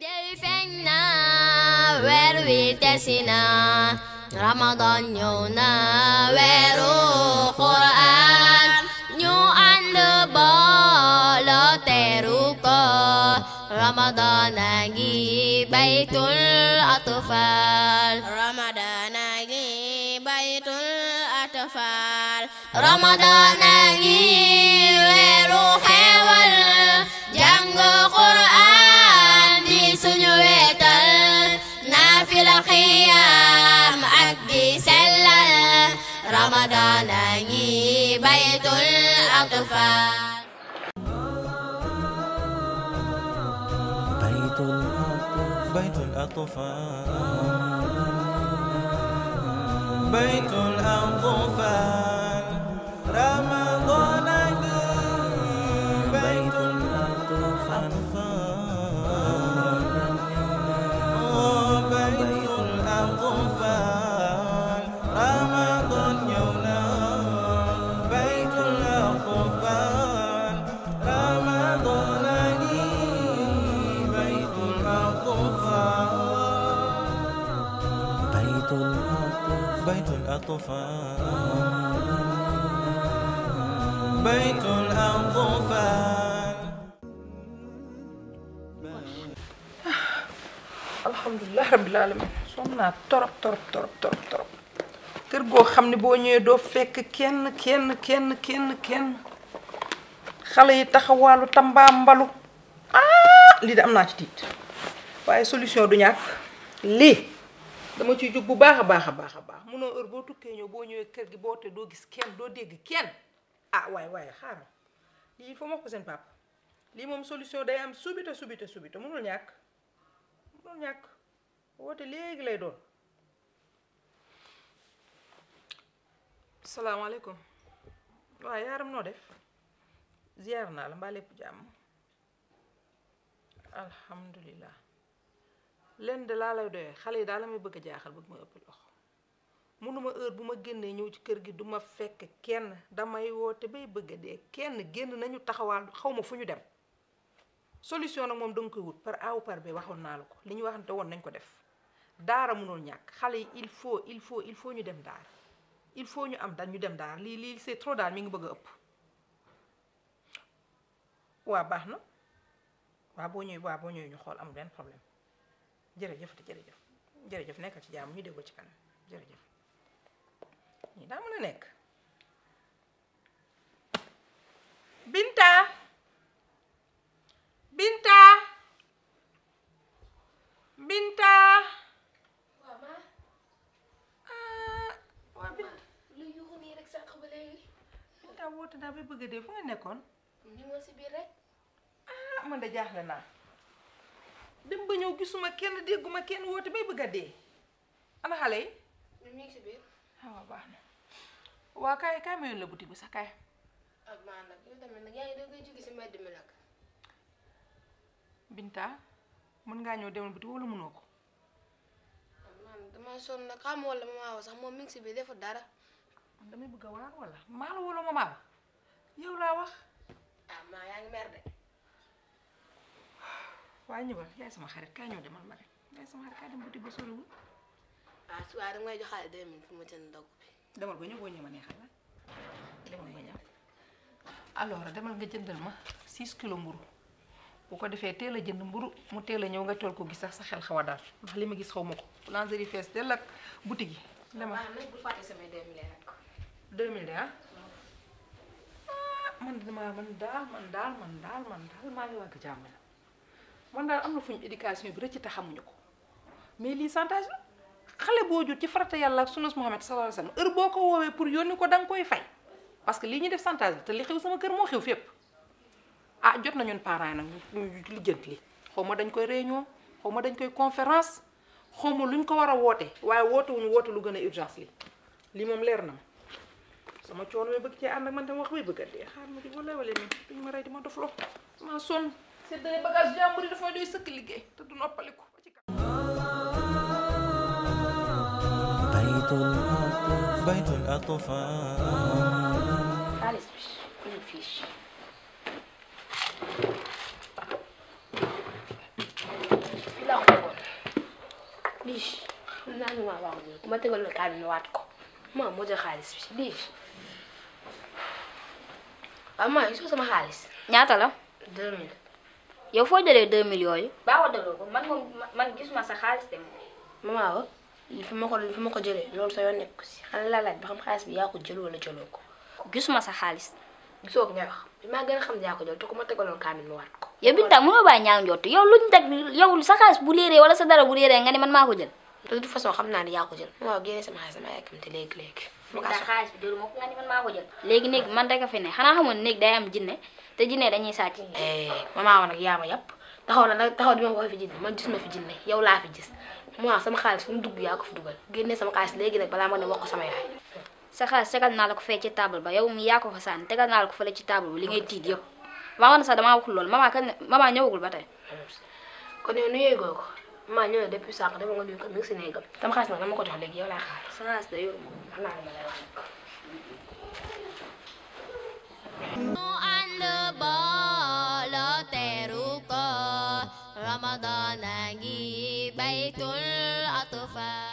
day na weer wi desi na ramadan ñëw na weeru quraan ñu ànd booloo teeru ko ramadan a ramadan a ngi atfal ngi رمضان نجي بيت الأطفال بيت الأطفال بيت الأطفال بيت الأطفال رمضان بيت الأطفال بيت الأطفال alhamdulilah rabbil alamin naa torop torop torop torop torop kër goo xam ne boo ñëwee doo fekk kenn kenn kenn kenn kenn xale yi taxawaalu tambaa mbalu ah lii de am naa ci waaye solution du ñàkk lii dama ciy jóg bu baax a baax a baax a baax munoo heure boo tukkee ñëw boo ñëwee kër gi boo te doo gis kenn doo dégg kenn ah waaye waaye xaaral lii il faut ko seen papa lii moom solution day am subite subite subite munul ñàkk munul ñàkk woote léegi lay doon. salaamaaleykum waaw yaaram noo def ziar naa la mbaa lépp jàmm alhamdulilah. lenn de laa lay doyee xale yi daal la may bëgg a jaaxal bëgg ma ëpp loxo mënuma heure bu ma génnee ñëw ci kër gi duma fekk kenn damay woo te bay bëgg a kenn génn nañu taxawaal xawma fu ñu dem solution nag moom danga koy wut par aw par bi waxoon naa la ko li ñu waxante woon nañ ko def daara mënul ñàkk xale yi il faut il faut il faut ñu dem daara il faut ñu am dañu dem daara lii lii c'est trop daal mi ngi bëgg a ëpp waa baax na waa boo ñëwee waa boo ñëwee ñu xool am benn problème jërëjëf te jërëjëf jërëjëf nekkal ci jàmm ñu déggoo ci kanam jërëjëf ñii daa mën a nekk Binta Binta Binta waaw ma ah ba bëgg a dee fu nga nekkoon ñu ngi si biir rek ah, jaaxle naa dem ba ñëw gisuma kenn dégguma kenn woote bay bëgg a dee ana yi. ñu ngi ci biir. Ah, waaw baax na waa kaay kaay ma la boutique bi sax kaay. ak maa mën ngaa ñëw demal boutique wala mënoo ko. Ah, man damaa sonn nag xam wala maman sax moom mi ngi ci biir dara. damay bëgg a waar wala maal wala maman yow laa wax. ah maa waaye ñëwal yaay sama xarit kaay ñëw demal ma rek yaay sama xarit kaay dem boutique ba soriwul. ah su waaye dangay joxaale deux mille fu ma jënd demal ba ñëw boo ñëwee neexal la demal demal nga ma 6 kilos mburu bu ko defee teel a jënd mburu mu a ñëw nga tool ko gis sax sa xel xaw daal ndax li ma gis xaw ma ko lingerie fees dell ak boutique yi. demal waaw nag bu ah, man damaa man daal man daal man daal man daal maa ngi wàgg jàmm man daal am na fuñu éducation bi rëcc te xamuñu ko mais lii chantage la xale boo jur ci farata yàlla ak sunnas Muhammad sallallahu alayhi wasallam heure boo ko woowee pour yónni ko da nga koy fay parce que lii ñuy def chantage la te li xew sama kër moo xew fépp ah jot na ñun parents yi nag ñu lijjanti li xaw ma dañ koy réunion xaw ma dañ koy conférence xaw ma luñ ko war a woote waaye woote wuñu woote lu gën a urgence li lii moom leer na ma sama coono mi bëgg cee ànd ak man tam wax bay bëgg a dee xaar ma di wala wala mi duñ ma rey di ma dof lo maa sonn séddale bagage jàmbur yi dafay doy sëkk liggéey te du noppaliku ba ci kanam. baytul atfal xaalis bi une fiche. fii laa ko tegoon lii xam naa ne maa waxoon ne ma waat ko maa moo jël xaalis bi lii waaw maa yu sama xaalis. ñaata la. deux mille. yow foo jëlee 2 millions yi. baaxoo daloo ko man moom man gisuma sa xaalis de moom. maman wa li ma ko li ko jëlee loolu sa nekk si xanaa laa laaj ba xam xaalis yaa ko jël wala jëloo ko. gisuma sa xaalis. gisoo ko ngay wax maa gën xam ne yaa ko jël te ku ma tegaloon kaamil mu waat ko. yow Binta mënoo bàyyi ñaaw njott yow luñ teg yow sa xaalis bu leeree wala sa dara bu léeree nga ne man maa ko jël. de toute façon xam naa ne yaa ko jël waaw génne sama xaalis sama yàkkam te léegi léegi mu daal xaalis bi man maa ko jël léegi néeg man rek a fi ne xanaa xamoon néeg day am jinne te jinne dañuy sàcc maman eh, woon nag yaa ma yàpp taxaw na nag taxaw di ma ko fi jinne man gis ma fi jinne yow laa fi gis moi sama xaalis fu mu dugg yaa ko fi dugal génne sama xaalis léegi nag balaa ma ne wax ko sama yaay sa xaalis tegal naa la ko fee ci table ba yow mi yaa ko fa sànni tegal naa la ko fële ci ba li ngay tiit yëpp maa woon sax damaa waxul loolu maman kan maman ñëwagul ba tey kon maa ñëwee depuis sànq dama nga nuyu ko si néegam. tam xaalis nag dama ko jox léegi yow laa xaar. sa xaalis de yoruma ko man laa lay wax ñu ànd booloo teeru